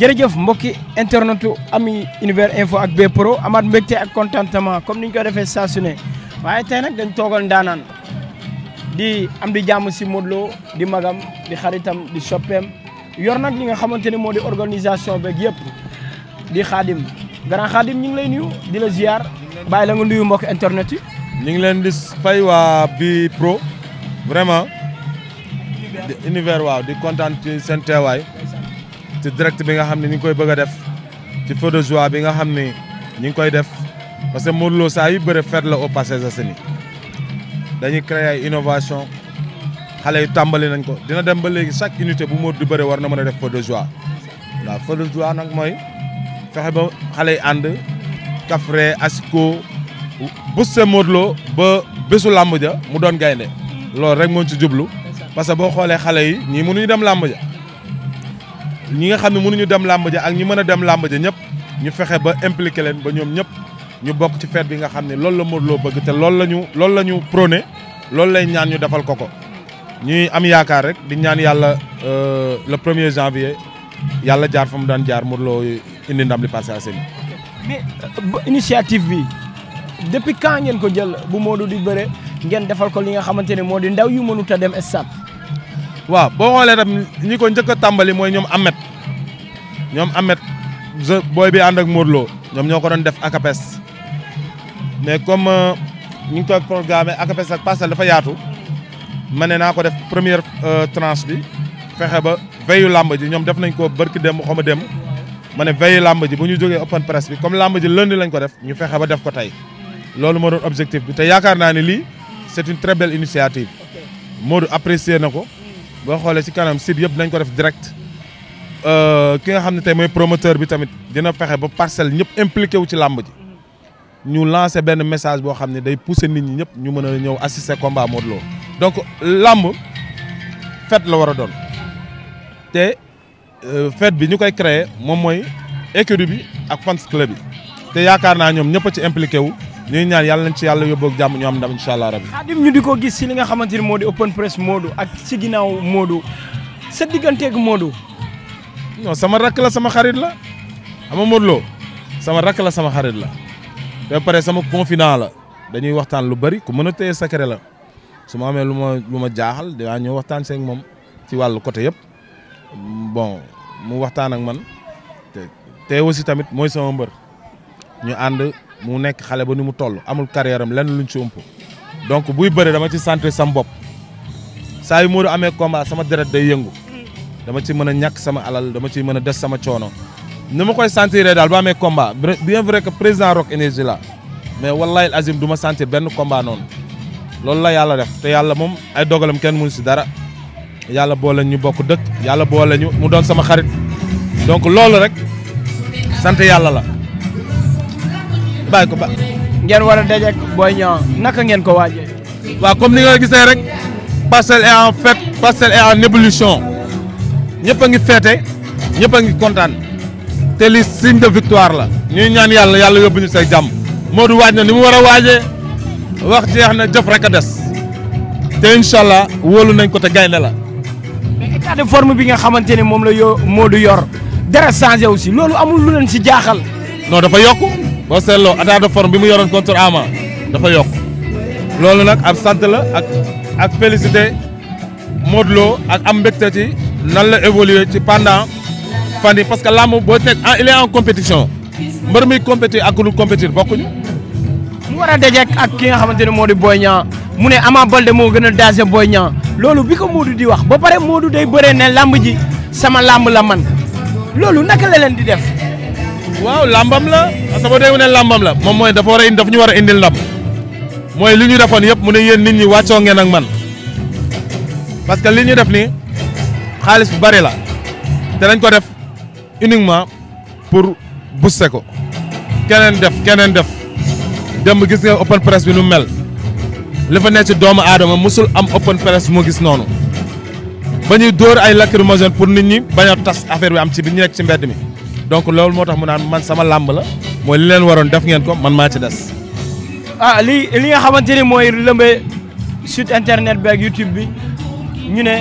jërëjëf mbokki internetu ami univers info ak B Pro amaat mbégte ak contentement comme ni ñu ko defee saa su ne waaye tey nag dañ toogal ndaanaan di am di jàmm si Modou di magam di xaritam di soppeem yor nag li nga xamante ne moo di organisation beeg yëpp di xaadim grand xaadim ñu ngi lay nuyu di la ziar bàyyi la nga nuyu mbokk internet yi. ngi leen di fay waa B Pro vraiment. univers waaw di kontaan ci seen teewaay. ci direct bi nga xam ne ñu ngi koy bëgg a def ci feu de bi nga xam ne ñu ngi koy def parce que Modou saa yu bëre fête la au Parcelles Assainies dañuy créer ay innovation xale yi tàmbali nañ ko dina dem ba léegi chaque unité bu Modou di bëre war na mën a def feu de joie waaw feu de joie nag mooy fexe ba xale yi ànd kafre asiko booster Modou Lo ba bésu làmb ja mu doon gaynde loolu rek moo ci jublu parce que boo xoolee xale yi ñii mënuñu dem làmb ñi nga xam ne mënuñu dem làmb ak ñi mën a dem làmb ja ñëpp ñu fexe ba impliqué leen ba ñoom ñëpp ñu bokk ci fête bi nga xam ne loolu la Modou bëgg te loolu la ñu loolu la ñu prôné loolu lay ñaan ñu defal ko ko ñuy am yaakaar rek di ñaan yàlla euh, le premier janvier yàlla jaar fa mu daan jaar Modou indi ndam li passé à seen initiative bi depuis quand ngeen ko jël bu Modou di bëre ngeen defal ko li nga xamante ne moo di ndaw yu mënut a dem stade waaw boo xoolee tam ñi ko njëkk a tàmbali mooy ñoom Amet ñoom Amet je booy bi ànd ak Modou ñoom ñoo ko doon def akapes mais comme euh, ñu ngi toog programme akapes ak parcelle dafa yaatu ma ne naa ko def première euh, tranche bi fexe ba veyu làmb ji ñoom def nañ ko barki dem xaw ma dem ma ne veyu làmb ji bu ñu jógee open press bi comme làmb ji lundi lañ ko def ñu fexe ba def ko tey loolu moo doon objectif bi tey yaakaar naa ne lii c'est une très belle initiative Modou apprécier na ko boo xoolee ci kanam site yëpp nañ ko def direct euh, ki nga xam ne tey mooy promoteur bi tamit dina fexe ba parcelle ñëpp impliqué wu ci làmb ji ñu lancé benn message boo xam ne day pousser nit ñi ñëpp ñu mën a ñëw assister combat Modou Lo donc làmb fête la war a doon te euh, fête bi ñu koy créer moom mooy écurie bi ak fans club bi te yaakaar naa ñoom ñëpp ci impliqué wu. ñuy ñaan yàlla nañ ci yàlla yóbboog jàmm ñu am ndam incha allah rabbi Xaadim ñu di ko gis si li nga xamante ni moo di open press Modou ak si ginnaaw Modou sa digganteeg Modou non sama rakk la sama xarit la ama Modou Lo sama rakk la sama xarit la ba pare sama confident la dañuy waxtaan lu bari ku mën a téye secret la su ma amee lu ma lu ma jaaxal dinaa ñëw waxtaan seeg moom ci wàllu côté yëpp bon mu waxtaan ak man te aussi tamit mooy sama mbër ñu ànd mu nekk xale ba nu mu toll amul carrière am lenn luñ ci ëmp donc buy bëre dama ci centré sama bopp saa yu Modou amee combat sama deret day yëngu dama ci mën a ñàkk sama alal dama ciy mën a des sama coono ni ma koy sentiree daal ba amee combat bien vrai que président Rock Énergie la mais wallahi azim du ma sentir benn combat noonu loolu la yàlla def te yàlla moom ay dogalam kenn mënu si dara yàlla boole ñu bokk dëkk yàlla boole ñu mu doon sama xarit donc loolu rek sant yàlla la bàyyi ko ba ngeen war a dajeek Boy Niang naka ngeen ko waajee. waaw comme ni nga gisee rek parcelle est en fête parcelle est en ébullition ñëpp a ngi féete ñëpp a ngi kontaan te li signe de victoire la. ñuy ñaan yàlla yàlla yóbbu ñu say jàmm Modou waaj na ni mu war a waajee wax jeex na jëf rek a des te incha allah wóolu nañ ko te gaynde la. mais état bi nga xamante ne moom la yo Modou yor dara changé aussi loolu amul lu leen si jaaxal. non dafa yokku boo seetloo état de bi mu yoroon contre Ama dafa yokk loolu nag ab sant la ak ak félicité Modou ak am mbégte ci nan la évoluer ci pendant fan parce que làmb boo nekk ah il est en compétition mbër muy compétir ak lu compétir bokkuñu. mu war a dajeek ak ki nga xamante ne moo di Boy mu ne Ama Baldé moo gën a danger Boy Niang loolu bi ko Modou di wax ba pare Modou day bëree ne làmb ji sama làmb la man loolu naka la leen di def. waaw làmbam la parce que ba ne làmbam la moom mooy dafa war a indi daf ñu war a indil ndam mooy li ñu defoon yëpp mu ne yéen ni ñi wàccoo ngeen man parce que li ñu def ni xaalis bu bari la te ko def uniquement pour booster ko keneen def keneen def démb gis nga open press bi nu mel li nekk doomu aadama musul am open press moo gis noonu ba ñuy dóor ay lacrymogène pour nit ñi bañ a tas affaire bi am ci bi ñu nekk ci mbedd mi. donc loolu moo tax mu naan man sama làmb la mooy li leen waroon def ngeen ko man maa ci des. ah li li nga xamante ni mooy lëmbee site internet beeg ak YouTube bi ñu ne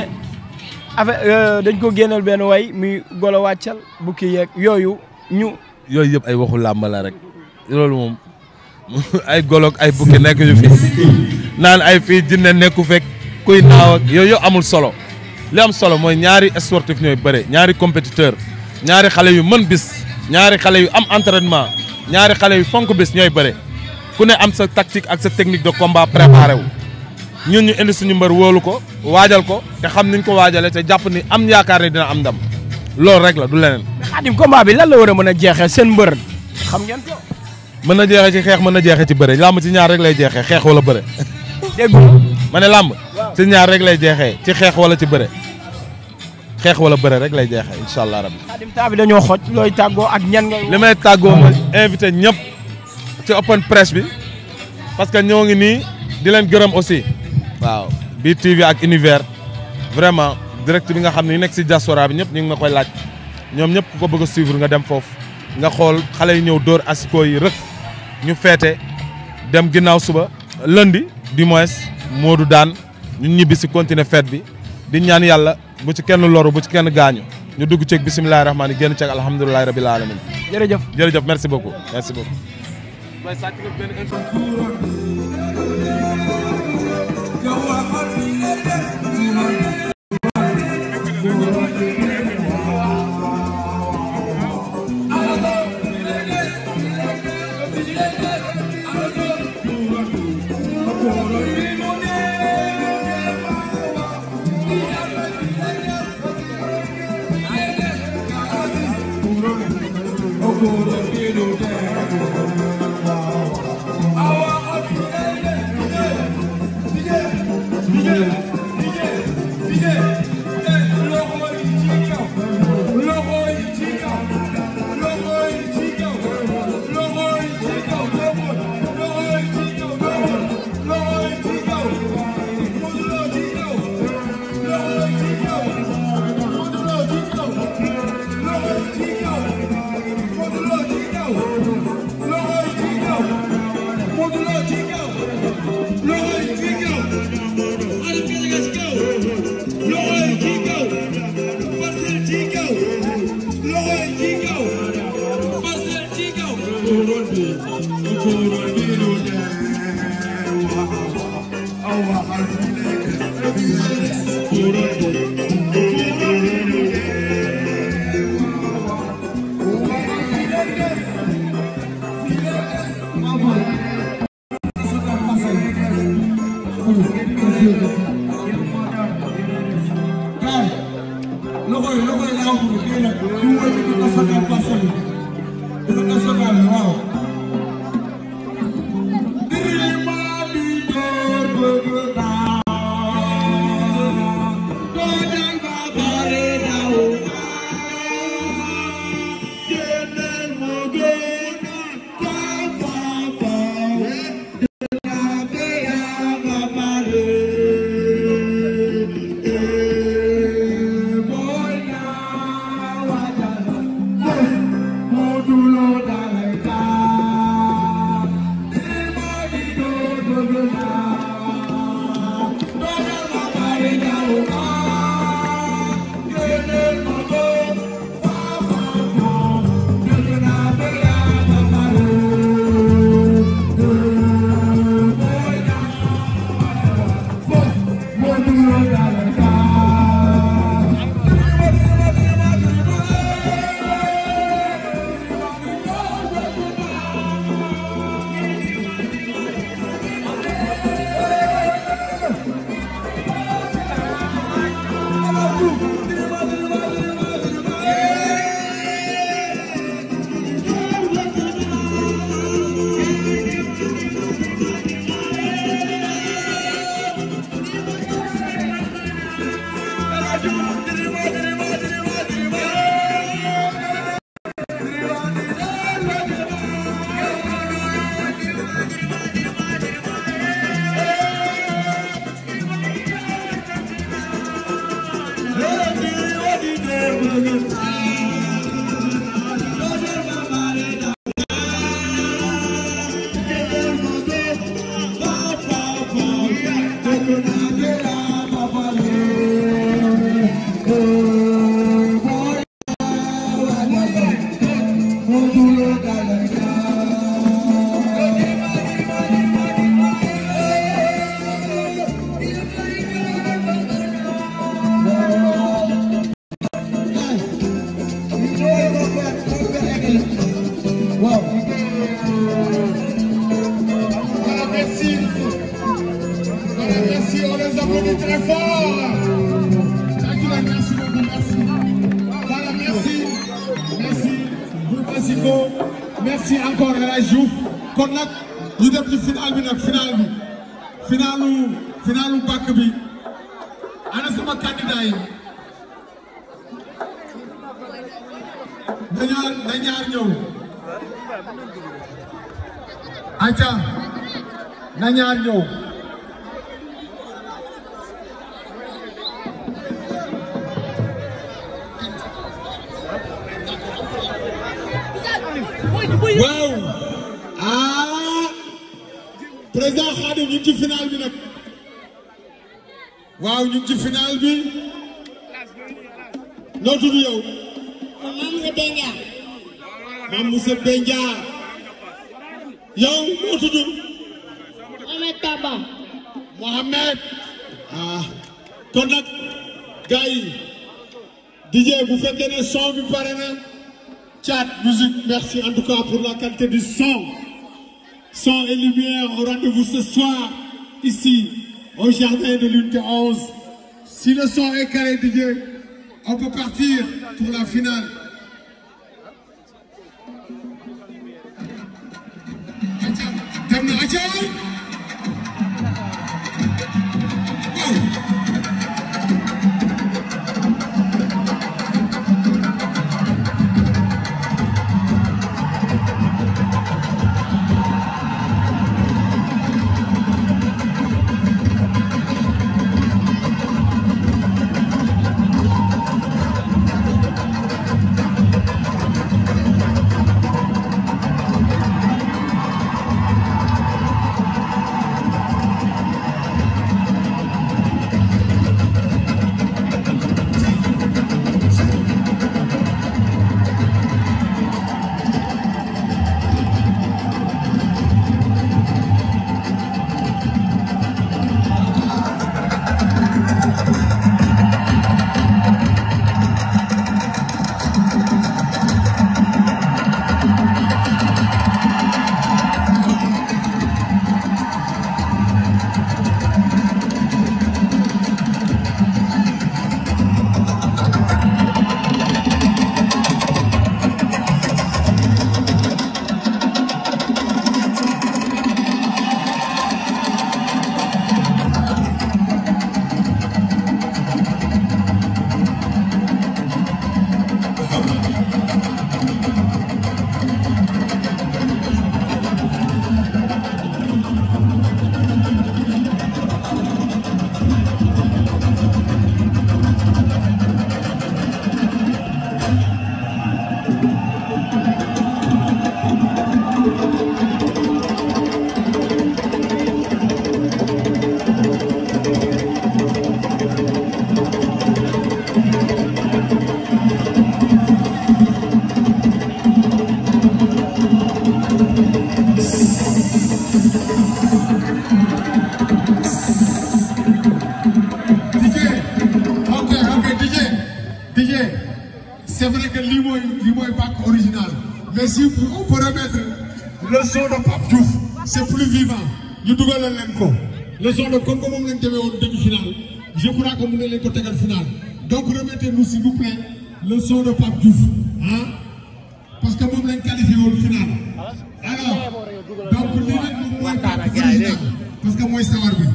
affaire euh, dañ ko génnal benn way muy golo wàccal bukki yeg yooyu ñu. yooyu yëpp ay waxu làmb la rek loolu moom ay golo ay bukki nekk fi naan ay fii jinne nekku fekk kuy naaw yooyu amul solo li am solo mooy ñaari sportif ñooy bëre ñaari compétiteur ñaari xale yu mën bis ñaari xale yu am entraînement ñaari xale yu fonk bis ñooy bëre ku ne am sa tactique ak sa technique de combat préparé wu ñun ñu indi suñu mbër wóolu ko waajal ko te xam niñ ko waajale te jàpp ni am yaakaar ne dina am ndam loolu rek la du leneen. xaadim combat bi lan la war mën a jeexee seen mbër xam ngeen ko. mën na jeexee ci xeex mën na jeexee ci bëre làmb ci ñaar rek lay jeexee xeex wala bëre. dégg ma ne làmb ci ñaar rek lay jeexee ci xeex wala ci bëre. xeex wala bëre rek lay jeexee incha allah rabbi. xaadim bi dañoo xooj looy tàggoo ak ñan ngay. li may tàggoo ma invité ñëpp ci open press bi parce que ñëw ngi nii di leen gërëm aussi. waaw bii TV ak univers vraiment direct bi nga xam ni ñu nekk si diaspora bi ñëpp ñu ngi ma koy laaj ñoom ñëpp ku ko bëgg a suivre nga dem foofu nga xool xale yi ñëw dóor asiko yi rëkk ñu feete dem ginnaaw suba lëndi du moins Modou daan ñu ñibbi si continuer fête bi di ñaan yàlla. bu ci kenn loru bu ci kenn gaañu ñu dugg ceeg bisimilahi rahmaani génn ceeg alhamdulilahi rabil alamin jërëjëf jërëjëf merci beaucoup merci beaucoup Turismo na ñaar ñëw aca na ñaar ñëw waaw ah président Khadim ñu ngi ci final bi nag waaw ñu ngi ci final bi noo tudd yow. Mamadou Benga. maam monsieur Benja yow moo tudd. Mohamed ah kon nag gars yi DJ bu fekkee ne son bi pare merci en pour la qualité du son. Son et lumière au rendez ce soir ici au jardin de l'unité 11. Si le son est carré, DJ, on peut partir pour la finale. am na acca lii mooy lii mooy bac original mais si on peut remettre le son c'est plus vivant ñu dugalal leen ko le son de Congo moom lañ demee woon demi-finale je crois que mën na leen ko tegal finale donc remettez-nous que moom lañ qualifié woon mooy bac original parce que mooy sawar bi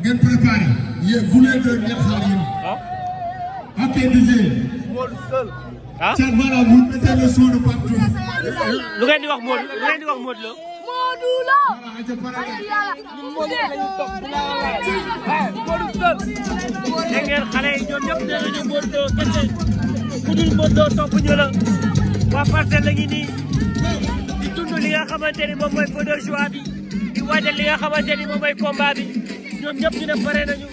ngeen préparé yéen vous les deux ngeen xaar yéen ah. ok Ah? Thiat voilà vous mettez le di wax Modou lu ngeen di wax Modou Lo. Modou Lo. dégg ngeen xale yi ñoom ñëpp nee ku dul Modou Lo topp ñu la waa parcelle la ñu nii di dund li nga xamante ni moom mooy feu de joie bi di waajal li nga xamante ni moom mooy combat bi ñoom ñëpp ñu ne pare nañu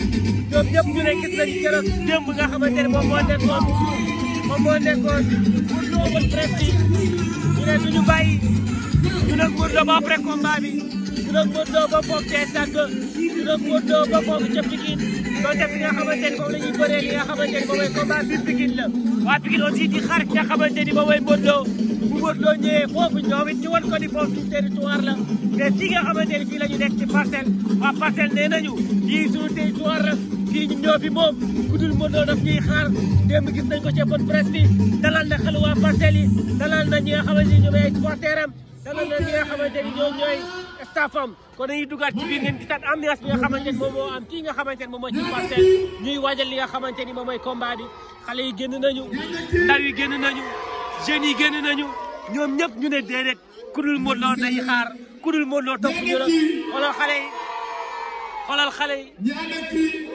ñoom ñëpp ñu ne gis nañu keroog démb nga xamante ni moom moo nekkoon Modou Lo open press bi ñu ne duñu bàyyi ñu ne Modou Lo ba après combat bi rek Modou Lo ba foofu ca stade ba rek Modou Lo ba foofu ca Pikine doon def li nga xamante ni moom la ñuy bëree li nga xamante ni moom mooy combat bi Pikine la waa Pikine aussi di xaar ki nga xamante ni moom mooy Modou Lo foofu ñoom it la mais fii nga xamante ni fii la ñu ci parcelle moom ku dul Modou Lo daf ñuy xaar démb ko ci bonne dalal na xel waa parcelles dalal na ñi nga xamante ni ñoom ay ta kon dañuy dugaat ci biir ngeen gisaat ambiance bi nga xamante ni moom moo am kii nga xamante ni moom mooy ñuy waajal li nga xamante ni moom mooy xale yi génn na nañu ndaw yi génn nañu jeunes yi génn nañu ñoom ñëpp ñu ne déedéet ku dul Modou Lo day xaar ku dul Modou Lo topp ñu la xoolal xale yi xoolal xale yi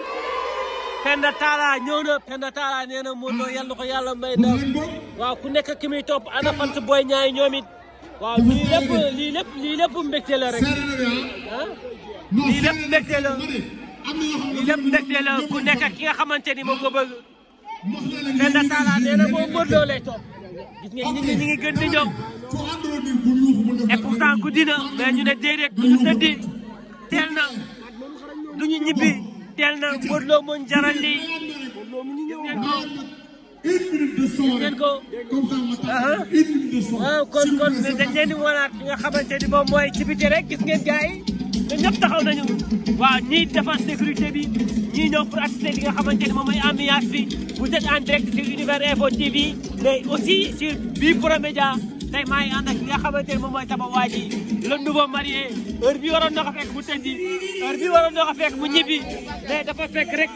Penda Talla ñëw na Penda Talla nee na Modou Lo may na waaw ku nekk ki muy topp ana fan si booy ñaay ñoom waaw lii lépp lii lépp lii lépp rek ah lii lépp ku nekk ki nga xamante ni mo nga bëgg. Penda na boo Modou Lo lay topp gis ngeen ñi ñu ngi gën di ñëw et pourtant guddi na mais ñu na du ñu ñibbi na Modou Lo jaral lii gis ko minute de son rek comme ça ma taxaw une minute nga xamante ni moom mooy ci biti rek gis ngeen gars yi ñun ñëpp taxaw nañu. waaw ñii défense sécurité bi ñii ñëw pour assister li nga xamante ni moom mooy ambiance bi vous êtes en direct sur Univers Info TV mais aussi sur Bprod Média tey maa ngi ànd ak nga xamante ne moom mooy sama waa bi waroon na ko fekk mu tëddi heure bi waroon na ko fekk mu ñibbi dafa fekk rek.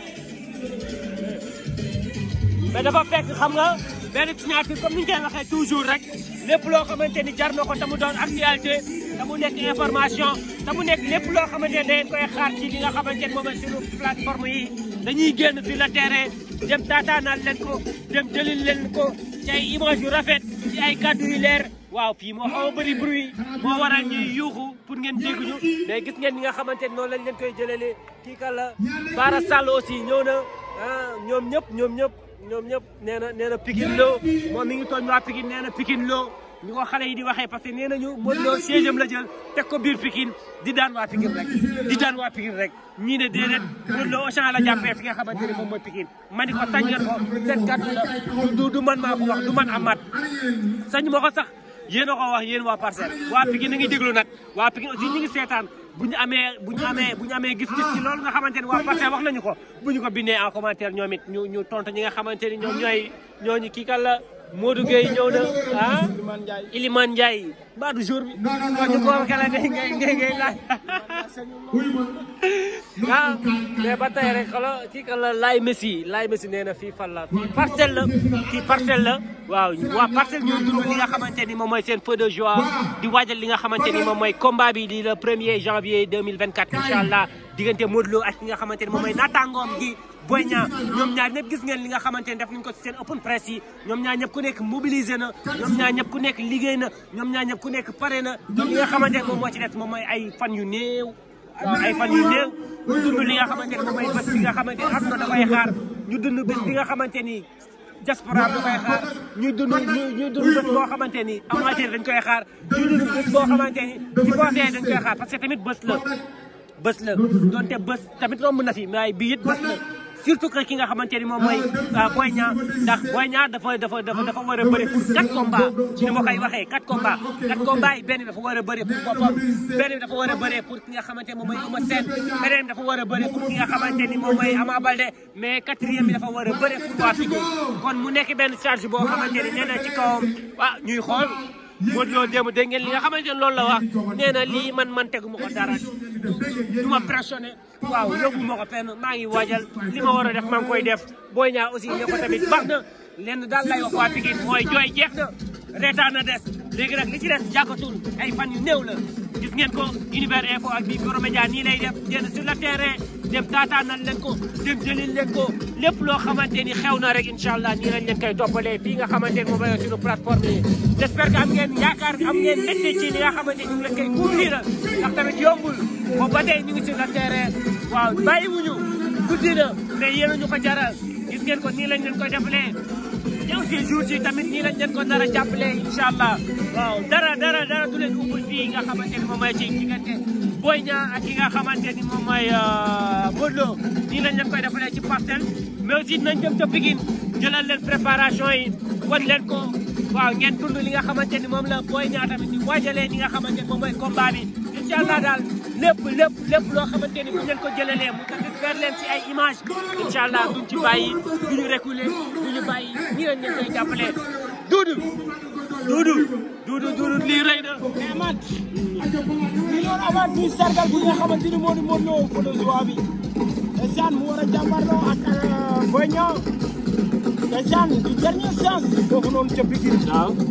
mais dafa fekk xam nga benn signature comme ni ñu koy waxee rek lépp loo xamante ni jar na ko te mu doon actualité te mu nekk information te mu nekk lépp loo xamante ne dañ koy xaar ci li nga xamante ne moom ak suñu plateforme yi dañuy génn sur le terrain dem taataanal leen ko dem jëlil ko ci ay image yu rafet ci ay kàddu yu leer waaw fii moo xaw a bëri bruit ñuy yuuxu pour ngeen dégguñu mais gis ngeen ñi nga xamante ne noonu lañ leen koy jëlalee kii kan la Bara Sall aussi ñëw na ah ñoom ñëpp ñoom ñëpp ñoom ñëpp nee Lo moom mi ngi tooñ waa Pikine Lo ñu ko xale yi di waxee parce que nee nañu Modou Lo siège am la jël teg ko biir Pikine di rek di daan waa Lo Auchan la jàppee fi nga xamante ne moom ko sañ ngeen ko seen kàddu ko wax du man amat sañ ma ko sax yéen a ko wax yéen waa parcelle waa a bu ñu amee bu ñu amee bu ñu amee gis-gis ci loolu nga xamante ni waa Pastef wax nañu ko bu ñu ko bindee en commentaire ñoom it ñu ñu tontu nga xamante ni ñoom ñooy ñooñu kii kan la Modou Gueye ñëw na ah Ilimane Ndiaye baatu jour bi kon ñu ko kala ngay ngay ngay laaj ah mais rek xolo kii kan la Laye Messi Laye Messi nee na fii fan la fii parcelle la fii parcelle la waaw waa parcelle ñoo dund li xamante ni moom mooy seen feu de joie di waajal li nga xamante ni moom mooy combat bi di le premier janvier 2024 incha allah diggante Modou Lo ak ki nga xamante ni moom mooy naataangoom gi Boy Niang ñoom ñaar ñëpp gis ngeen li nga xamante ne def nañ ko ci seen open press yi ñoom ñaar ñëpp ku nekk mobilisé na ñoom ñaar ñëpp ku nekk liggéey na ñoom ñaa ñëpp ku nekk pare na ñoom li nga xamante ne moom moo ci des moom mooy ay fan yu néew ay fan yu néew ñu dund li nga xamante ne moom mooy bés bi nga xamante ne am na dafay xaar ñu dund bés bi nga xamante ni diaspora da koy xaar ñuy dund ñuy dund bés boo xamante ni amateur dañ koy xaar ñuy dund bés boo xamante ni supporter parce que tamit bés la bés la donte bés tamit romb na fi mais ay surtout que ki nga xamante ni moom mooy euh, Boy a bëri pour quatre combats ni a bëri pour boppam benn bi dafa war a bëri pour ki nga xamante ni moom mooy Eumeu Sène beneen bi dafa war ki nga xamante ni moom mooy Ama Baldé mais quatrième bi dafa war a bëri kon mu nekk benn charge boo xamante ni nee na ci kawam waaw ah, ñuy xool Modou Lo démb ngeen li nga xamante ne loolu la wax nee na lii man man tegu ma ko dara du ma pressionné waaw yóbbu ma ko maa ngi waajal li ma war a def maa ngi koy def Boy Niang aussi ne ko tamit baax na lenn daal lay wax waa Pikine mooy jooy jeex na. reetaan na des léegi nag li ci des jàkkatul fan yu la gis ngeen ko univers info ak bii Biro Média nii lay def génn sur le terrain dem taataanal leen ko dem jëlil leen ko lépp loo xamante i xew na rek incha allah nii lañ leen koy toppalee fii nga xamante ni moom la suñu plateforme yi j'espère que am am ngeen mbégte ci li nga xamante ni ñu leen koy couvrir ndax tamit yombul boobu ba tey ñu ngi ko jaral gis ngeen ko nii lañ leen ñëw si jour si tamit nii lañ leen ko nar a jàppale incha allah waaw dara dara dara du leen ubbul fii nga xamante ni ma mooy ci diggante Boy Niang ak ki nga xamante ni moom mooy euh, ci parcelle mais aussi nañ dem ca Pikine jëlal leen préparation yi wan leen ko waaw ngeen dund li nga xamante ni moom la Boy Niang tamit di waajalee ñi nga xamante ni moom mooy combat bi incha allah daal lépp lépp loo xamante ni bu ngeen ko jëlalee ver leen si ay image incha allah duñ ci bàyyi duñu reculer duñu bàyyi ñi leen ñeen koy jàppale duudu duudu duudu duudu lii rëy na mais man lii doon avantage sargal bi nga xamante ni moo di Modou Lo Fodozoa bi ndeysaan mu war a jàmbarloo ak euh, Boy Niang ndeysaan di dernière séance foofu noonu ca Pikine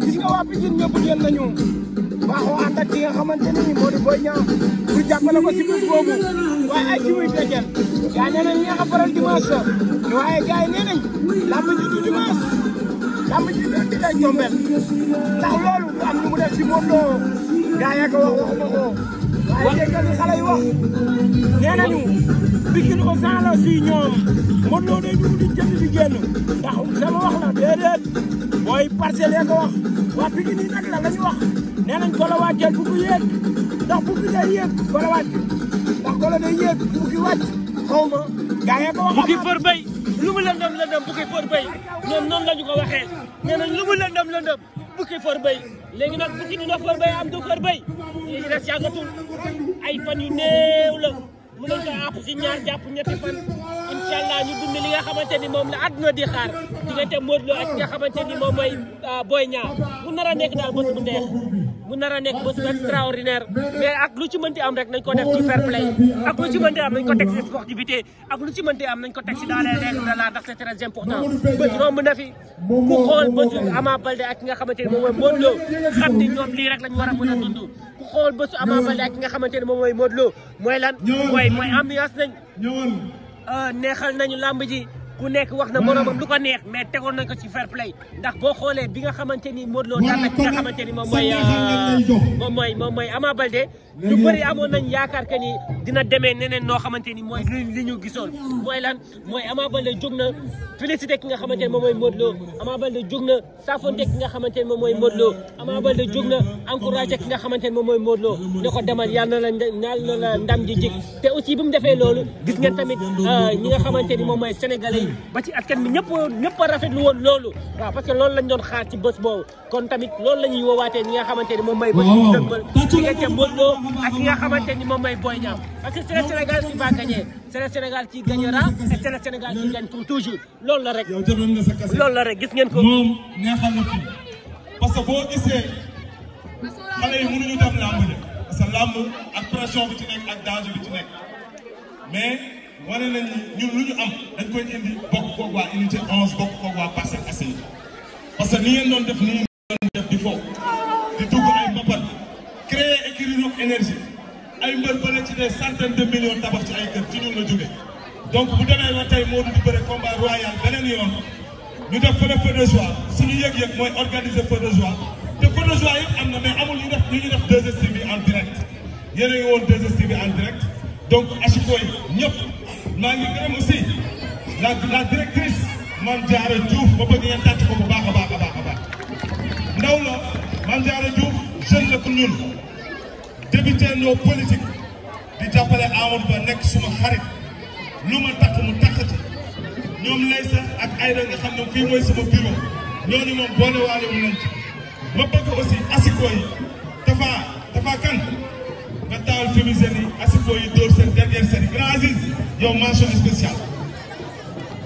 gis nga waa Pikine ñëpp jël nañu baaxoo ànd ak ki nga xamante ne nii moo di Boy Niang pour jàppale ko si biir boobu waaye ay ji muy dajeel gaa nee nañ ñax a faral dimanche la waaye gars yi nee nañ làmb ji du dimanche làmb ji di lay tombeel ndax loolu du am lu mu wax waxuma yi wax nee nañu Pikine au ñoom mën loo day di jënd di génn ndax sama wax la déedéet booy parcelle yaa ko wax waa Pikine yi nag la la ñu wax nee nañ golo wàcceel bu mu yéeg ndax bu mu a yéeg golo wàcc ndax golo day yéeg bu ki wàcc xaw ma gaa yee ko wax bu ki fër bay lu mu lëndëm lëndëm bu ki fër bay ñoom noonu lañu ko waxee lëndëm lëndëm bu ki fër bay léegi nag bu am du fër bay léegi des ay fan yu néew la mën nañ ko àpp si ñaar fan incha allah ñu dund li nga xamante ni moom la àdduna di xaar diggante Modou Lo ak nga moom mooy ah, Boy Niang mu nar a daal bés bu neex mu nar a nekk bés bu extraordinaire mais ak lu ci am rek nañ ko def ci fair play ak lu ci am nañ ko teg ci mënti am nañ ko teg si dans les de l'art ndax c'est na fi ku xool bésu Ama Baldé ak ki nga xamante ne moom mooy Modou Lo xam ni ñoom lii rek lañ war a mën a dund ku ki nga xamante ne moom mooy Modou Lo mooy lan mooy mooy ambiance nañ euh, neexal nañu làmb ji ku nekk wax na moromam lu ko neex mais tegoon nañ ko ci fair play ndax boo xoolee bi nga xamante ni Modou Lo daan na ki nga xamante ni moom mooy moom mooy moom mooy Ama Baldé ñu bëri amoon nañ yaakaar que ni dina demee neneen noo xamante ni mooy li ñu gisoon mooy lan mooy Ama Baldé jóg na félicité ki nga xamante ne moom mooy Modou Lo Ama Baldé jóg na saafonte ki nga xamante ne moom mooy Modou loo Ama Baldé jóg ne moom mooy Modou ko demal yàlla na la yàlla na la ndam ji te aussi bi defee loolu gis ngeen tamit euh, ñi nga xamante ni moom mooy sénégalais yi ba ci askan bi ñëpp ñëpp a rafetlu woon loolu waaw parce loolu lañ doon xaar ci bés boobu kon tamit loolu la ñuy woowaatee ñi nga xamante ni moom mooy bés bu ak ki nga xamante ni moom mooy Boy Niang parce que c'est le Sénégal qui va gagner c'est le Sénégal qui toujours loolu la rek. loolu la rek gis ngeen ko. moom que boo gisee xale yi mënuñu dem làmb de parce que làmb ak pression bi ci nekk ak danger bi ci nekk mais wane nañ ni ñun lu ñu am dañ koy indi bokk koog waa unité 11 bokk ni ngeen doon def nii. énergie ay mbër bële ci des centaines de millions tabax ci ay kër ci ñun la jóge donc bu demee ba tey moo di bëre combat royal de joie suñu yëg-yëg mooy organiser te feu de joie yëpp am a ngi maa ngi gërëm aussi la la directrice Mame Diarra Diouf ba bëgg ngeen tàcc ko bu baax a baax a baax a baax ndaw la Mame Diarra Diouf la ku ñun député ñoo politique di jàppale Amadou Ba nekk suma xarit lu ma takk mu takkati ñoom lay sax ak Aïda a xam ne fii mooy sama bureau ñooñu moom boole waale mu leen ma bëgg aussi asiko yi dafa kan nga taal fumigène yi asiko yi dóor seen dernière série grand Aziz yow mention spéciale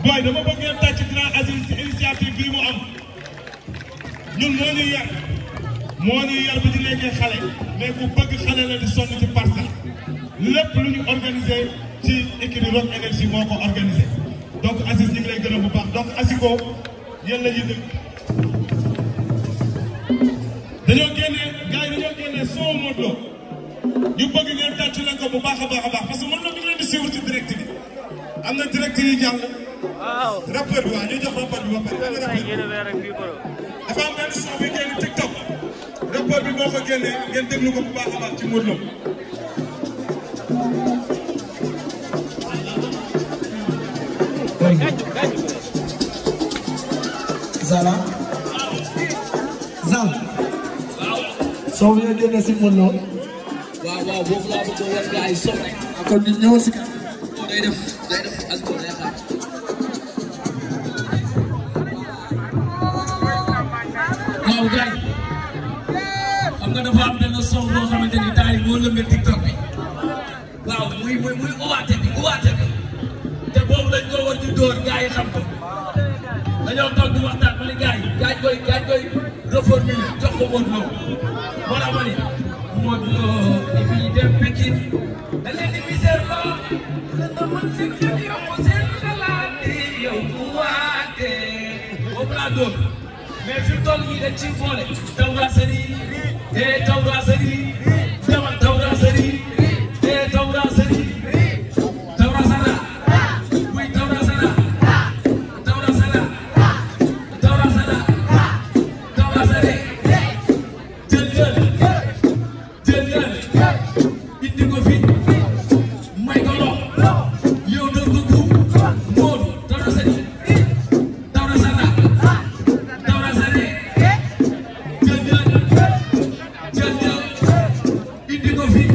booy dama bëgg ngeen tàcc grand Aziz ci initiative bii mu am ñun moo ñuy moo ñuy yar bi ñu nekkee xale mais ku bëgg xale la di sonn ci parcelle lépp lu ñu organisé ci équipe Rock Énergie moo ko organisé donc Aziz ñu ngi lay gërëm bu baax donc Asiko yéen la ñuy dégg dañoo génnee gars yi dañoo génnee son Modou Lo ñu bëgg ngeen tàcc leen ko bu baax a baax a baax parce que mën na mi ngi leen di suivre ci direct bi am na direct yi jàll. waaw rappeur bi waaw ñu jox rappeur bi ba pare. dafa am benn son bi ngeen di tëgg record bi boo ko génnee ngeen déglu ko bu baax a baax ci Modou Lo. Zala. Zal. soo ko yëgee génne si Modou Lo. waaw waaw boobu laa bëgg a wan gars yi soxla. kon ñu ñëw si kàddu day def. dañ ciy boole fi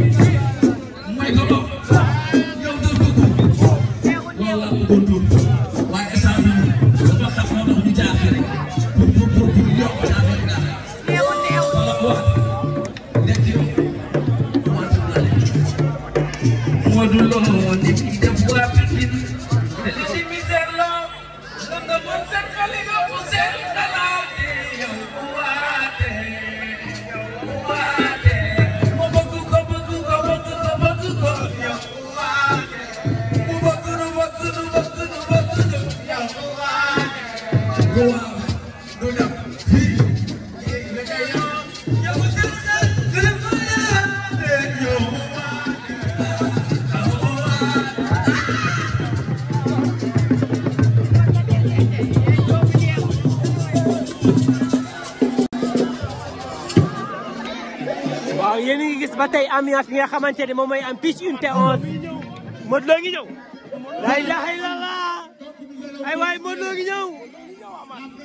ambiance bi nga xamante ne moom mooy am piste unité 11 Modou Lo ngi ñëw. la ay waay Modou Lo ngi ñëw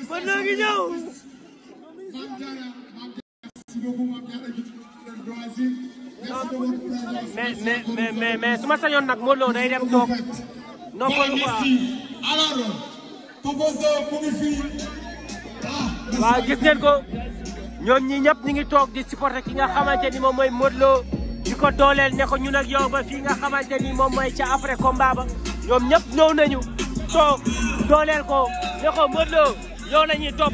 Modou Lo ngi ñëw. mais mais mais mais su ma sañoon nag Modou Lo day dem toog gis ngeen ko ñoom ñi ñëpp ñi ngi toog di supporter ki nga xamante ni moom mooy Modou Lo. di ko dooleel ne ko ñun ak yow ba fii nga xamante ni moom mooy ca après combat ba ñoom ñëpp ñëw nañu toog dooleel ko ne ko Modou Lo yow la ñuy topp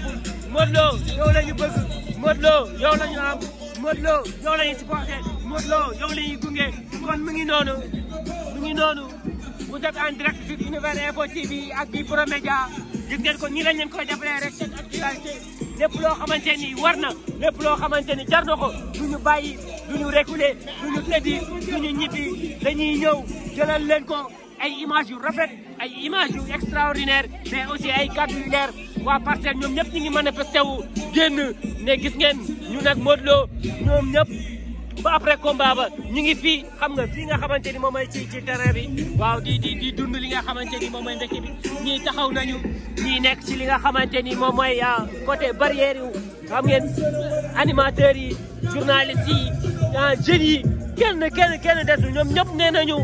Modou Lo yow la ñu bëgg Modou Lo yow la ñu am Modou Lo yow la ñuy supporté Modou Lo yow la ñuy gunge kon mu ngi noonu mu ngi noonu vous êtes direct sur Univers Info TV ak bi Promédia gis ngeen ko nii lañ leen koy defaree rek seen actualité lépp loo xamante yi war na lépp loo xamante ni jar na ko du ñu bàyyi du ñu reculer du ñu tëddi du ñu ñibbi dañuy ñëw jëlal leen ko ay image yu rafet ay image yu extraordinaire mais aussi ay kàddu yu leer waa Parcelles ñoom ñëpp ñu ngi manifesté wu génn ne gis ngeen ñu nag Modou Lo ñoom ñëpp. ba après combat ba ñu ngi fi xam nga fii nga xamante ni moom mooy ci ci terrain bi waaw di di di li nga xamante ni moom mooy mbékk bi ñii taxaw nañu ñii nekk ci li nga xamante ni moom mooy ah, côté barrière yu xam ngeen animateurs yi journalistes yi ah, jeunes yi kenn kenn kenn desul ñoom ñëpp nee nañu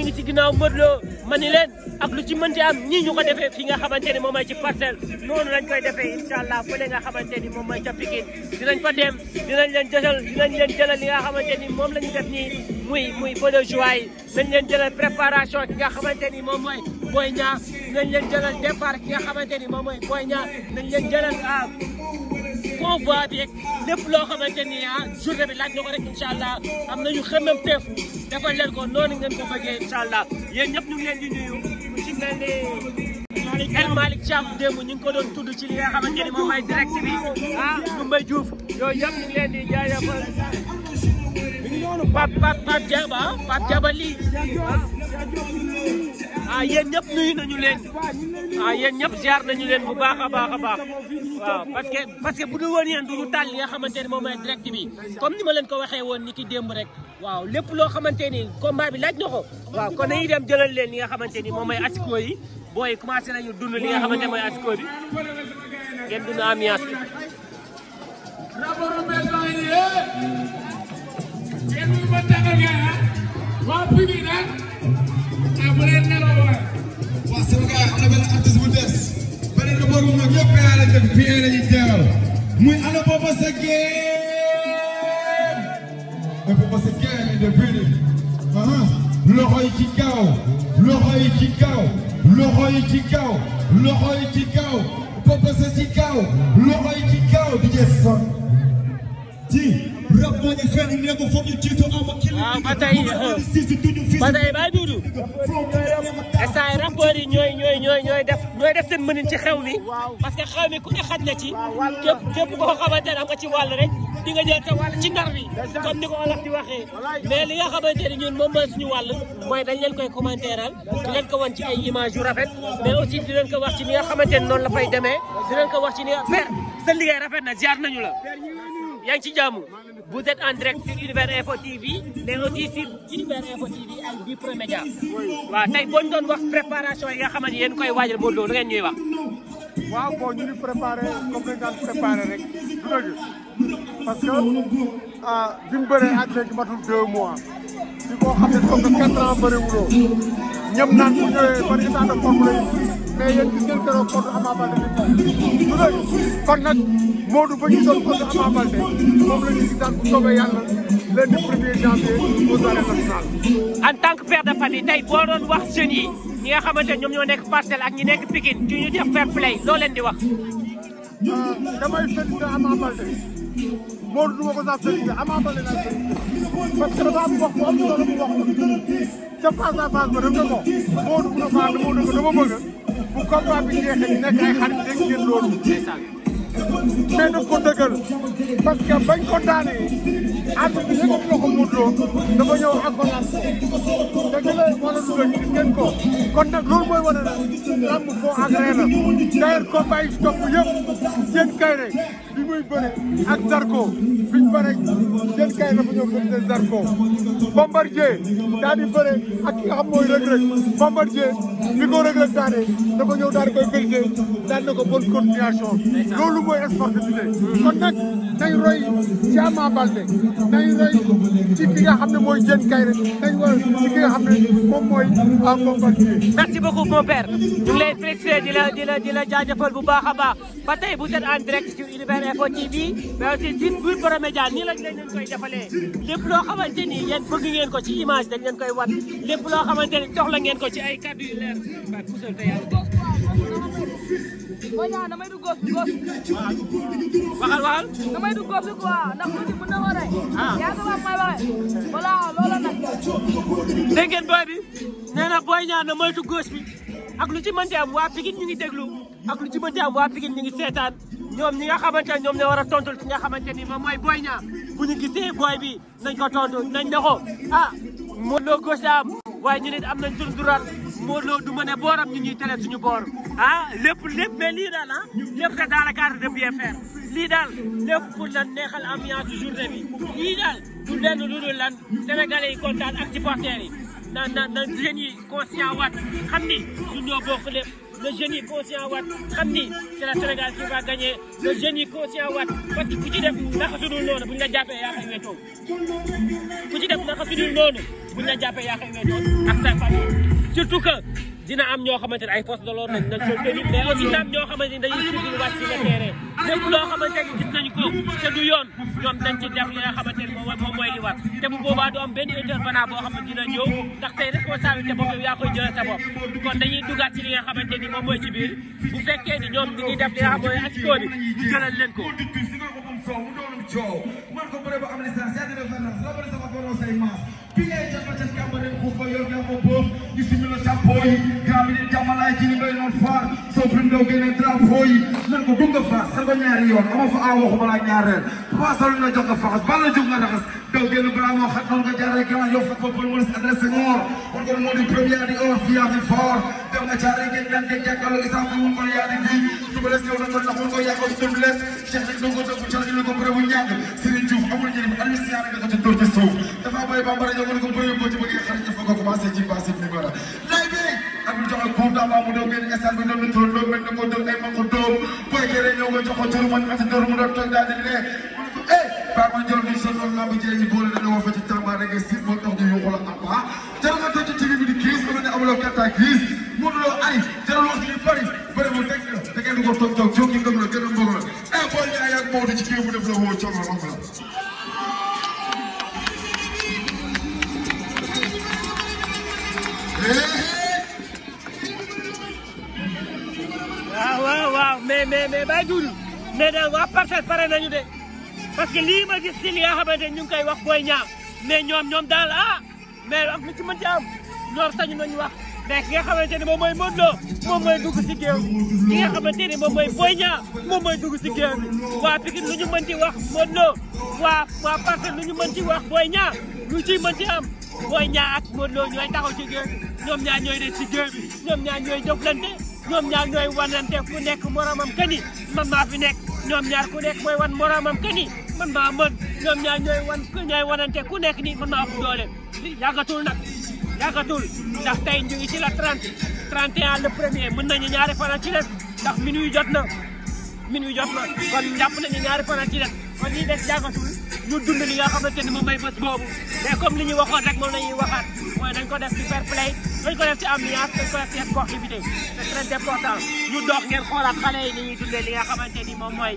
ñu ngi ci ginnaaw Modou Lo ma ni leen ak lu ci mënti am ñii ñu ko defee fi nga xamante ni moom mooy ci parcelle noonu lañ koy defee incha allah fële nga xamante ni moom mooy ca Pikine dinañ fa dem dinañ leen jëlal dinañ leen jëlal li nga xamante ni moom la ñu def nii muy muy feu de joie yi dinañ leen jëlal préparation ki nga xamante ni moom mooy Boy Niang dinañ leen jëlal départ ki nga xamante ni moom mooy Boy Niang dinañ leen jëlal ah, convoi bi rek lépp loo xamante ni ah journée bi laaj na ko rek incha allah am nañu xëmmam teef defal leen ko noonu ngeen ko bëggee incha allah yéen ñëpp ñu ngi leen di nuyu mu ci mel ni El Malick Thiam démb ñu ko doon tudd ci li nga ba ni moom mooy direct bi ah Mbaye Diouf yooyu yëpp ñu leen di jaajëfal Pape Pape Pape Diaba Pape Diaba lii ah yéen ñëpp nuyu nañu leen ah yéen ñëpp ziar nañu leen bu baax a baax a baax waaw parce que parce que bu dul woon yéen du ñu taal li nga xamante ne moom mooy direct bi comme ni ma leen ko waxee woon ni ki démb rek waaw lépp loo xamante ni mbaa bi laaj na ko waaw kon dañuy dem jëlal leen li nga xamante ni moom mooy asiko yi booy commencé nañu dund li nga xamante mooy asiko bi ngeen dund ambiance bi. waa waaw Sénégal am na benn artiste bu des beneen bi boobu moom ñëpp PA la def PA la ñuy teewal muy ana Papa Seck te Papa Seck mi depuis nii loxo yi ci kaw loxo yi ci kaw loxo yi ci kaw loxo yi ci kaw Papa Seck ci kaw loxo yi ci kaw di jeex son. ji rab moo ñu xëy ne ko foog ah, ah. duudu instant rappeurs yi ñooy ñooy ñooy def ñooy def seen mënin ci xew mi parce que xew mi ku ne xaj na ci képp képp koo xamante am nga ci wàll rek di nga jël sa wàll ci ndar bi comme ni ko Wolof di waxee mais li nga xamante ne ñun moom mooy suñu wàll mooy dañ leen koy commentéral di leen ko wan ci ay image yu rafet mais aussi di leen ko wax ci ni nga xamante ne la fay demee di ko wax ci ni nga sa liggéey rafet na ziar nañu la yaa ngi ci jàmm vous êtes en direct Univers Info TV mais aussi Univers Info TV ak Bprod Média waaw tey boo ñu doon wax préparation yi nga xamante yéen koy waajal Modou Lo lu ngeen ñuy wax. waaw bon ñu ngi préparé comme ni daan préparé rek du dëgg parce que ah bi mu bëree ak léegi matul deux mois. ci koo xam ne toog na Modou ba ñu doon contre Ama Baldé moom la ñu si daan bu soobee yàlla lundi premier janvier aux arènes nationales. en tant que père de famille tey boo doon wax nga xamante ñoom ñoo nekk Parcelles ak ñi nekk Pikine ci ñu def fair play loo leen di wax. Euh, damay félicité Ama Baldé Modou du ma ko sax te daf ko dëggal parce que bañ ko daanee àdduna bi yëngatu na ko Modou Lo dafa ñëw akolaat ko te ki lay a ko kon nag loolu mooy wane ne làmb foo agréé na d'ailleurs combat yi topp yëpp seen kay rek bi muy bëre ak Zarko biñ bëre seen kay dafa ñëw bëre Zarko Bombardier daal di bëre ak ki nga xam mooy Reug bi ko Reug Reug daanee dafa ñëw daal di koy félicité daal na ko bonne continuation loolu mooy sportivité kon nag nañ roy ci Ama Baldé nañ roy ci ki nga xam ne mooy Diène Kairé nañ roy ci ki nga xam ne moom mooy à Bombardier merci beaucoup mon père ñu ngi lay féliciter di la di la di la jaajëfal bu baax a baax ba tey vous êtes en direct sur Univers Info TV mais aussi Sine Bouy Promédia nii lañ leen koy defalee lépp loo xamante ni yéen bëgg ngeen ko ci image dañ leen koy wan lépp loo xamante ni soxla ngeen ko ci ay kàddu yu leer mooy ñaar damay dugg góob góob waxal waxal. damay dugg na ma rey. ah yaa ngi wax may waxee. voilà loolu nag. dégg ngeen bi nee na booy ñaar na moytu bi ak lu ci mënti am waa Pikine ñu ngi déglu ak lu ci mënti am waa Pikine ñu ngi seetaan ñoom ñi nga xamante ne ñoom ñoo war a tontul ci nga xamante ni moom mooy booy ña bu ñu gisee booy bi nañ ko tontu nañ ne ko ah. Modou Lo gauche la am waaye ñu nit am nañ suñu droit Modou Lo du ma boo booram ñu ñuy tere suñu boor ah lépp lépp mais lii daal ah lépp da dans le cadre de bien lii daal lépp pour lan neexal ambiance journée bi lii daal du lenn lu dul lan sénégalais yi kontaan ak supporters yi na na na jeunes yi conscient xam ni ñun ñoo bokk lépp le jeune yi conscient waat xam ni c'est la Sénégal qui va gagner a jeune yi conscient waat parce que ku ci def naka sudul noonu buñ la jàppee yaa xay wéetoo ku ci def naka sudul noonu buñ la jàppee yaa xay wéetoo ak sa dina am ñoo xamante ne ay force de l'ordre nañ sol tenue mais aussi dina am ñoo xamante ne dañuy civil wàcc ci le terrain lépp loo xamante ne gis nañ ko te du yoon ñoom dañ ci def li nga xamante ne moom mooy li war te bu boobaa du am benn intervenant boo xamante dina ñëw ndax tey responsabilité boobu yow yaa koy jëlee sa bopp kon dañuy dugaat ci li nga xamante ni moom mooy ci biir bu fekkee ni ñoom ñi ngi def li nga xam mooy asiko bi ñu jëlal leen ko man ko bëre ba am licence yàgg na fa ndax la bëri sama borom say maas Pile jamaten kamaren kufa yoga mobo Yisimila sapoi Gramine jamalai jini bay non far So prindo gene drapoi Nanko dunga fa sarba nyari yon Ama fa awo a nyaren Pasal na jaga fakas Bala juga rakas Daw gene bramo khat non ga jare gran Yo fa popol mulis adrese ngor Orgol modi premier di or Fia di for Dama jare gen dan gen jakalo Isam kumon ya di di Doubalès ñëw na ko ndax moom mooy yaakaar si Doubalès Cheikh nag doo ko dëgg Cheikh ñu ko bëre bu ñàkk Serigne Diouf amul njëriñ Aliou Siyaar nga ko ci dóor ci suuf dafa bàyyi bambara ñëw na ko bëre ko ci bëgg xar ñu fa ko commencé ci passé bi voilà lay bi ak lu jox ko da ba mu doon ngeen instant bi doon tool doon mel na ko doon ay ma ko doom booy kéré ñëw nga jox ko tur man ati dóor mu doon toog daal di lee mu ne ko eh Papa Ndiol bi sa loolu lamb jëlee ñu boole dañu woo fa ci Tamba rek si moo tax ñu yuuxu la Tamba jar nga tëj ci bi di crise xam ne amuloo carte crise mënuloo ay jaral wax ci ñu bari bëri mu teg la kenn ko toog toog foog ñu gëm la a mboro la eh boo eh, eh. waaw waaw waaw mais mais mais Baye Doudou mais daal de parce que lii ma gis si li nga xamante ñu ngi koy wax booy ñaaw mais ñoom ñoom daal ah mais am lu ci mën ci am ñoom sañu wax mais ki nga xamante ni moom mooy Modou Lo moom mooy dugg si géew bi ki nga xamante ni moom mooy Boy Niang moom mooy dugg si géew bi waa Pikine lu ñu mën ci wax Modou Lo waa waa Parcelles lu ñu mën ci wax Boy Niang lu ciy mën ci am Boy Niang ak Modou Lo ñooy taxaw ci géew ñoom ñaar ñooy des ci géew ñoom ñaar ñooy jëflante ñoom ñaar ñooy wanante ku nekk moromam kani man maa fi nekk ñoom ñaar ku nekk mooy wan moromam kani man maa mën ñoom ñaar ñooy wanante ku nekk ni man maa ëpp doole yàggatul nag yàggatul ndax tey ñu ngi ci la 30 31 le premier mën nañu ñaari fan ci des ndax minuit jot na minuit jot na kon jàpp nañu ñaari fan ci des kon ñi des yàggatul ñu dund li nga xamante ni moom may bés boobu mais comme li ñu waxoon rek moom la ñuy waxaat. mooy dañ ko def ci fair play dañ ko def ci ambiance dañ ko def ci sportivité c'est très important ñu doog ngeen xoolaat xale yi ni ñuy dundee li nga xamante ni moom mooy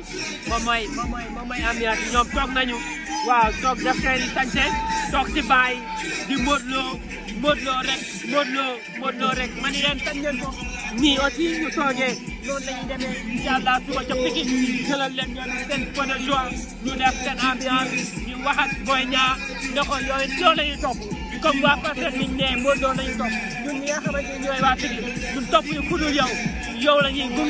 moom mooy moom mooy moom mooy ambiance bi ñoom toog nañu waaw toog def seeni sañse toog ci bàyyi di móodloo móodloo rek móodloo móodloo rek ma ni leen tañ leen ko nii aussi ñu toogee noonu lañu demee incha allah suba ca Pikine jëlal leen ñoom seen point de joie ñu def seen ambiance ñu wax ak Boy Niang ne ko yooyu loolu la ñuy topp comme waa Pastef liñ ne Modou Lo lañu topp ñun ñi nga xamante ne ñooy waa Pikine ñun topp ñu ku yow yow la ñuy yow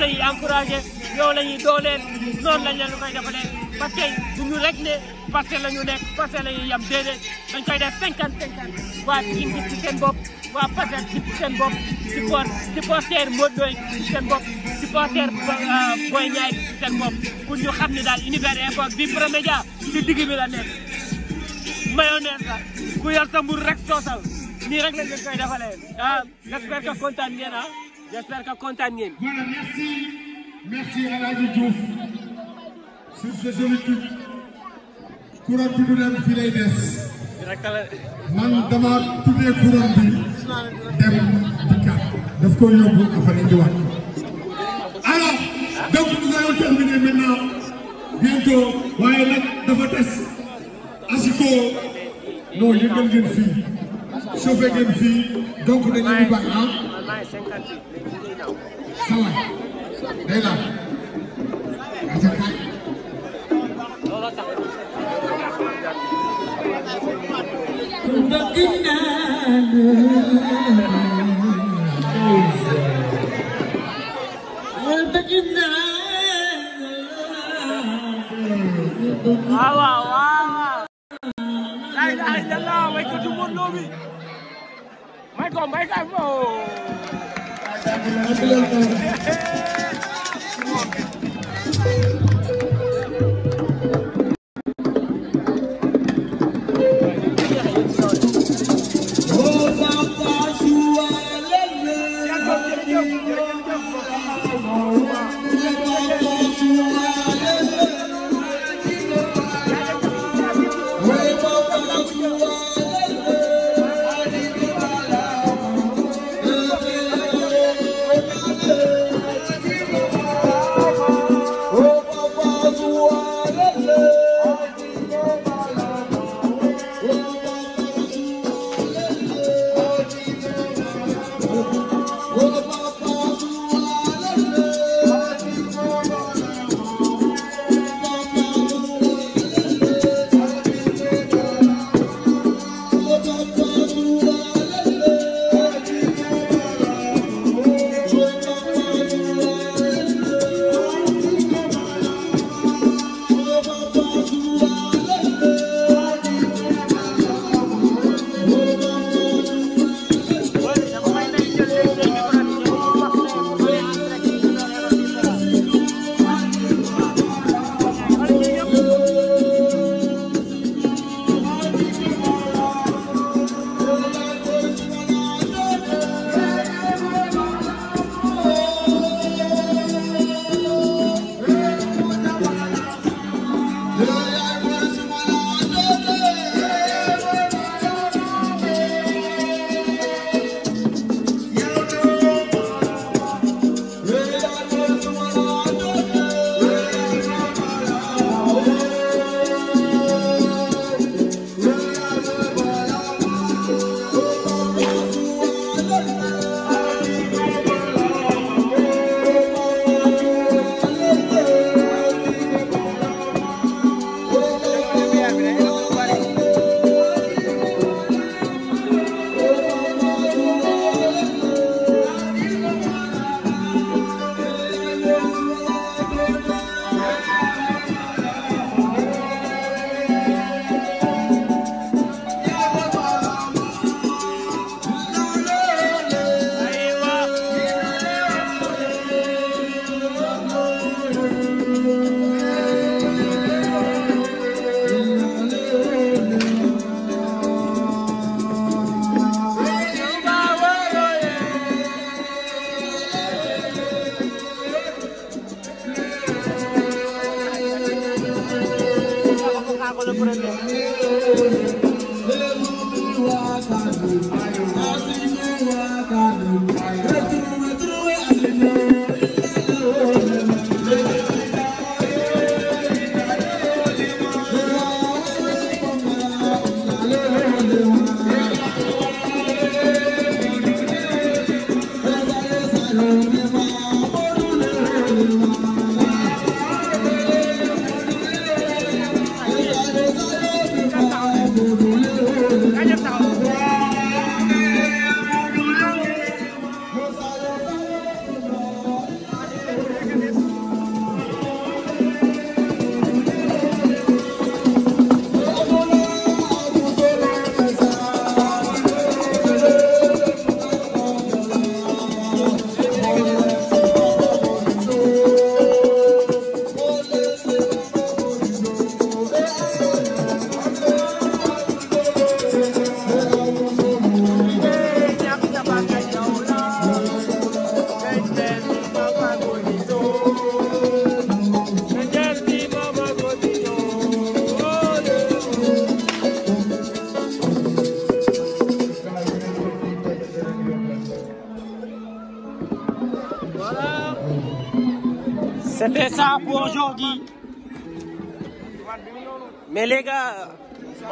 la ñuy yow la dooleel noonu lañ leen lu koy defalee parce que du ñu rek ñu nekk Pastef la ñuy yem déedéet dañ koy def cinquante cinquante waa Pikine gis ci seen bopp waa Pastef gis ci seen bopp support supporter Modou Lo gis ci seen bopp supporter euh, Boy Niang gis ci seen bopp ñu xam ne daal univers import bi promédia ci digg bi la nekk mayonnaise la ku yar sa mbur rek soosal nii rek lañ leen koy defalee ah j'espère que kontaan ngeen ah j'espère que kontaan ngeen. voilà merci merci El Hadj Diouf sur ce joli truc courant bi du dem fii lay des. man dama tuddee courant bi dem dikkaat daf koy yóbbu affaire yi di waat alors donc nous allons terminer maintenant bientôt waaye nag dafa des. ASICO non yëngal ngeen fii sauvé ngeen fii donc dañu leen di baax ah ça va day laal. waaw waaw waaw bi may ko may ko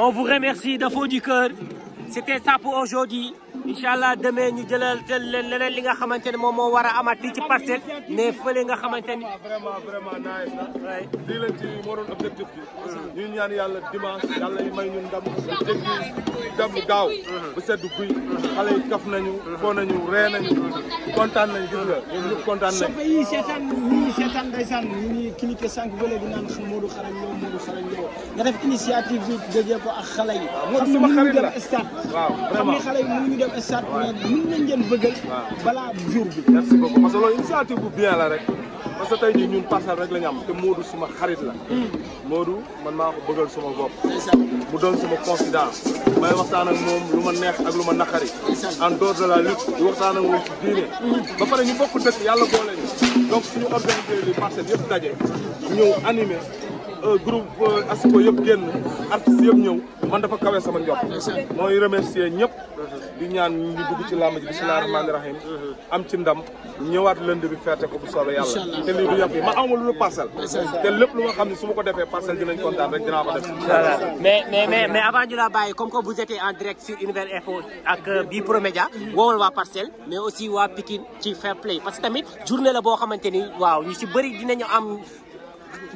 on vous remercie de fond du cœur c'était ça pour aujourd'hui incha allah demee ñu jëlal te leen li nga xamante ne moom moo war a amaat fii ci parcelle mais fële nga xamante ni. vraiment vraiment naaj na. lii lañ ci waroon objectif bi. ñu ñaan yàlla dimanche yàlla may ñu ndam dégg gaaw. bu sedd guy. xale yi nañu. foo nañu ree nañu. kontaan nañu gis nga. ñun ñëpp nañu. ndeysaan ñu ngi cliquer sànq ba léegi naan Modou xarañ yow Modou xarañ yow nga def initiative bi déggee ko ak xale yi. xam nga mënuñu dem stade. waaw xam nga xale yi mënuñu dem stade mais mën nañ leen bëggal. balaa jour bi. merci beaucoup parce que loolu initiative bu bien la rek. parce que tey jii ñun parcelle rek la ñu am te Modou suma xarit la. Modou man maa ko bëggal suma bopp. mu doon suma confident. may waxtaan ak moom lu ma neex ak lu ma naqari. en dehors de la lutte di waxtaan ak moom diine. ba pare ñu bokk dëkk yàlla boole ñu. donc suñu organisé li parcelle yëpp daje. ñëw animé. Euh, groupe euh, ASICO yëpp génn artistes ñëw man dafa kawe sama njort mooy remercier ñëpp di ñaan ñu dugg ci làmb ji ci ndam ñëwaat ma amul lu parcelle te lépp lu nga xam ne su ma ko defee parcelle dinañ kontaan rek dinaa ko def mais mais avant ñu la bàyyi comme que vous en direct sur Univers Info ak euh, bi Promédia woowal waa parcelle mais aussi waa Pikine ci fair play parce que tamit journée la boo xamante ni waaw ñu si bëri dinañu am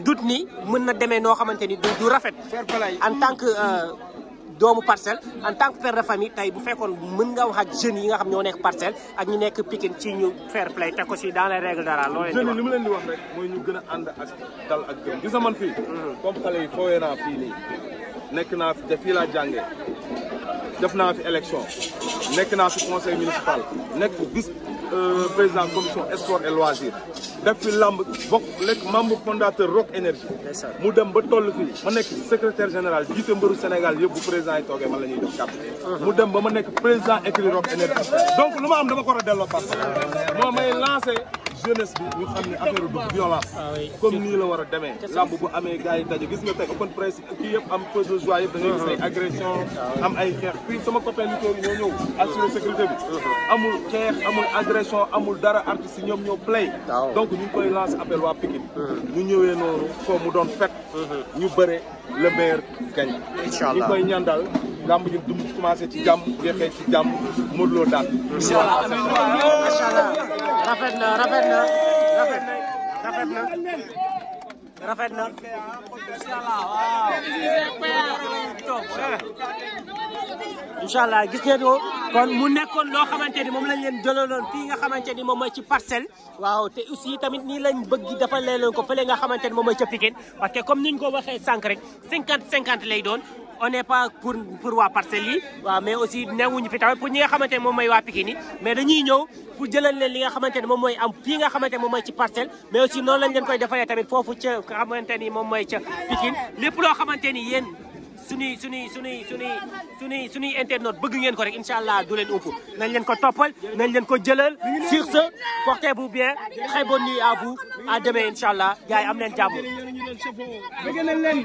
dut ni mën na demee noo xamante ni du rafet en tant que euh, doomu parcelle en tant que père de famille tey bu fekkoon mën nga wax ak jeunes yi nga xam ñoo nekk parcelle ak ñu nekk Pikine ci ñu fair play te ko ci dans les règles dara loo leen li mu leen di wax rek mooy ñu gën a ànd ak dal ak gëm gis nga man mm-hmm. comme xale yi foowee naa fii nekk naa fi def fii laa jàngee def naa fi élection nekk naa fi conseil municipal nekk vice euh, président commission sport et loisir def fi làmb bokk lekk membre fondateur Rock Énergie mu dem ba toll fii ma nekk secrétaire général jiite mbëru Sénégal yëpp bu président yi toogee man la ñuy jox uh-huh. mu dem ba ma nekk président écrit Rock Énergie donc lu ma am dama ko war a delloo parce xam ne affaire du ah nii la war demee làmb bu amee gars yi daje gis nga tey open presse kii yëpp am feu de joie yëpp da ngay gis ay uh-huh. agression ah am ay sama copain lutteur yi ñoo ñëw assuré sécurité bi uh-huh. amul xeex amul agression amul dara artiste yi ñoom ñoo play ñu ngi koy lancer appel waa Pikine ñu ñëwee noonu mu doon fet ñu bëre le maire gañ incha allah ñu daal làmb ji du commencé ci jàmm jeexee ci jàmm Modou daal incha allah rafet na rafet na rafet na rafet na incha allah gis ngeen ko kon mu nekkoon loo xamante ni moom lañ leen jëlaloon fii nga xamante ni moom mooy ci parcelle waaw te aussi tamit nii lañ bëgg dafa leen ko fële nga xamante ni moom mooy ca Pikine parce que comme niñ ko waxee sànq cinquante cinquante lay doon on n'est pas pour pour waa parcelles yi waaw mais aussi newuñu fi tamit pour ñi nga xamante ne moom mooy waa Pikine yi mais dañuy ñëw pour jëlal leen li nga xamante ne moom mooy am fii nga xamante ne moom mooy ci parcelle mais aussi noonu leen koy defalee tamit foofu ca xamante ni moom mooy ca Pikine lépp loo xamante ni yéen suñuy suñuy suñuy suñuy suñuy suñuy internet bëgg ngeen ko rek incha allah du leen umpu nañ leen ko toppal nañ leen ko jëlal sur ce portez-vous bien très bonne nuit à vous à allah gars yi am leen jàmm. bëgg nañ leen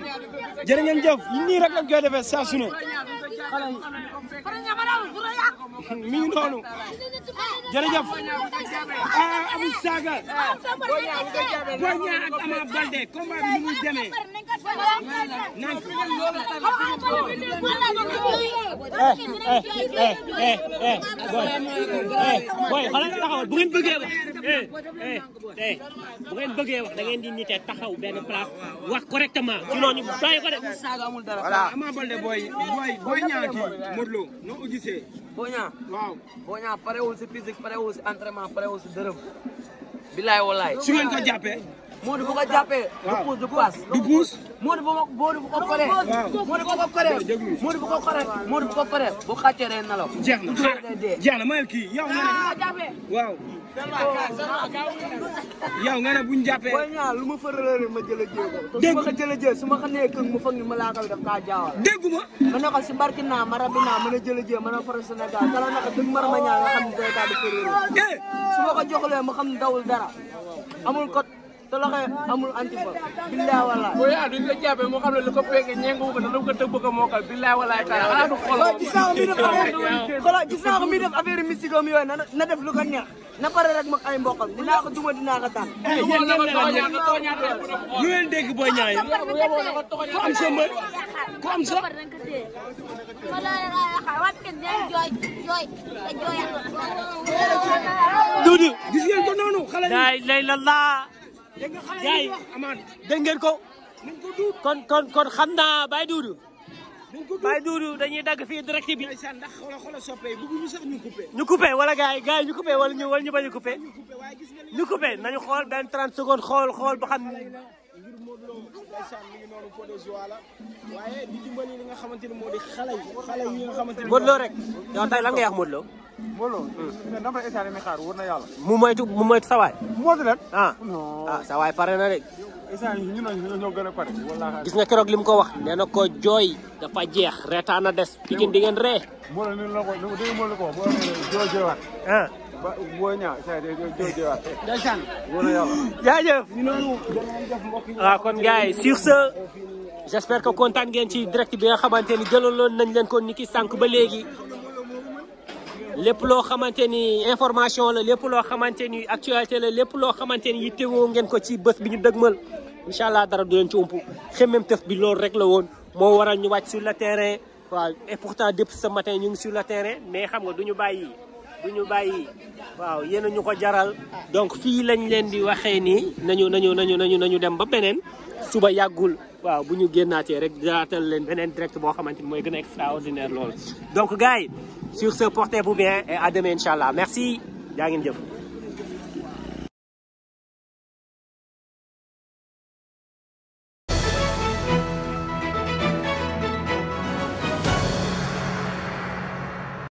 jërë ngeen jëf ñii rek lañ koy defee saa su ne mi ngi noonu jërëjëf ah amul saaga Boy boy xoolal taxawal bu ngeen bëggee wax bu ngeen bëggee wax da ngeen di nite taxaw benn place wax correctement sinon ñu bàyyi ko de. voilà Ama Baldé booy booy booy ñaa kii Modou Lo no gisee. boo ñaa waaw boo ñaa parewul si physique parewul si si dërëm. bilaay walaay su ngeen ko jàppee. Modou bu ko jàppee. waaw du puus du paas. du puus Modou bu ma Modou bu ko koree. waaw Modou bu ko koree. Modou bu ko koree Modou bu ko koree. bu xàccee day nelaw. jeex na jeex na mayal kii yow nga ne. Ah, waaw. yow nga ne bu ñu jàppee. booy ñaar lu ma fa rële ma jëlee jéego. dégg su ma ko jëlee jéego su ma ko nee kër mu foog ni malaaka bi daf kaa jaawal. ma. ma ne ko si barki naa ma rabi naa mën a jëlee jéego mën a faral Sénégal dara naka dëgg mara ma ñaar nga xam ne day daal di péréer. Eh. su ma ko joxulee ma xam ne dawul dara amul kot te loxo amul antifa billaay walaay mooy ah duñ la jàppee moo xam ne lu ko fekkee ñeengu ko te lu ko tëbb ko moo ko billaay walaay taala ala du xol xolo gis naa ko mi def affaire mystique am yooyu na def lu ko neex na pare rek mag ay mbokam dinaa ko duma dinaa ko tànn ñu ngeen dégg booy ah, ñaay ku am sa mbër ku am sa duudu ah, gis ngeen yaay dégg ngeen ko kon kon kon xam naa Baye Doudou Baye Doudou dañuy dagg fii direct bi ñu coupé wala gars yi gars ñu coupé wala ñu wala ñu bañ a coupé ñu coupé nañu xool benn 30 secondes xool xool ba xam ngir Modou Lo ndeysaan mi ngi noonu fo de joie la waaye di dimbali li nga xamante ne moo di xale yi xale yi nga xamante ne Modou Lo rek yow tey lan nga wax Molo. mais namba essayé mi xaar wóor na yàlla. mu moytu mu moytu sawaay. mu moytu leen. ah non ah, pare na de. essayé ñu ñoo ñoo gën a pare. wallaahi gis nga keroog li mu ko wax. ne na ko jooy dafa jeex reetaan na des. pikin di ngeen ree. Molo ni la ko ko boo jooy jooywaat. ah na yàlla. jaajëf. ñu noonu. waaw ah, kon gars yi sur ce. j'espère que kontaan ngeen ci direct bi nga xamante ni jëloon nañ leen ko niki sànq ba léegi. lépp loo xamante ni information la lépp loo xamante ni actualité la lépp loo xamante ni yittewoo ngeen ko ci bés bi ñu dëgmal incha allah dara du leen ci ump xemmem tëf bi loolu rek la woon moo waral ñu wàcc sur le terrain waaw et pourtant depuis ce matin ñu ngi sur le terrain mais xam nga du ñu bàyyi du ñu bàyyi waaw yéen ñu ko jaral donc fii lañ leen di waxee nii nañu nañu nañu nañu nañu dem ba beneen suba yàggul. waaw bu ñu génnaatee rek jaatal leen beneen direct boo xamante ni mooy gën a extraordinaire lool donc gars yi sur ce portez-vous bien et à demain incha allah merci jaa ngeen jëf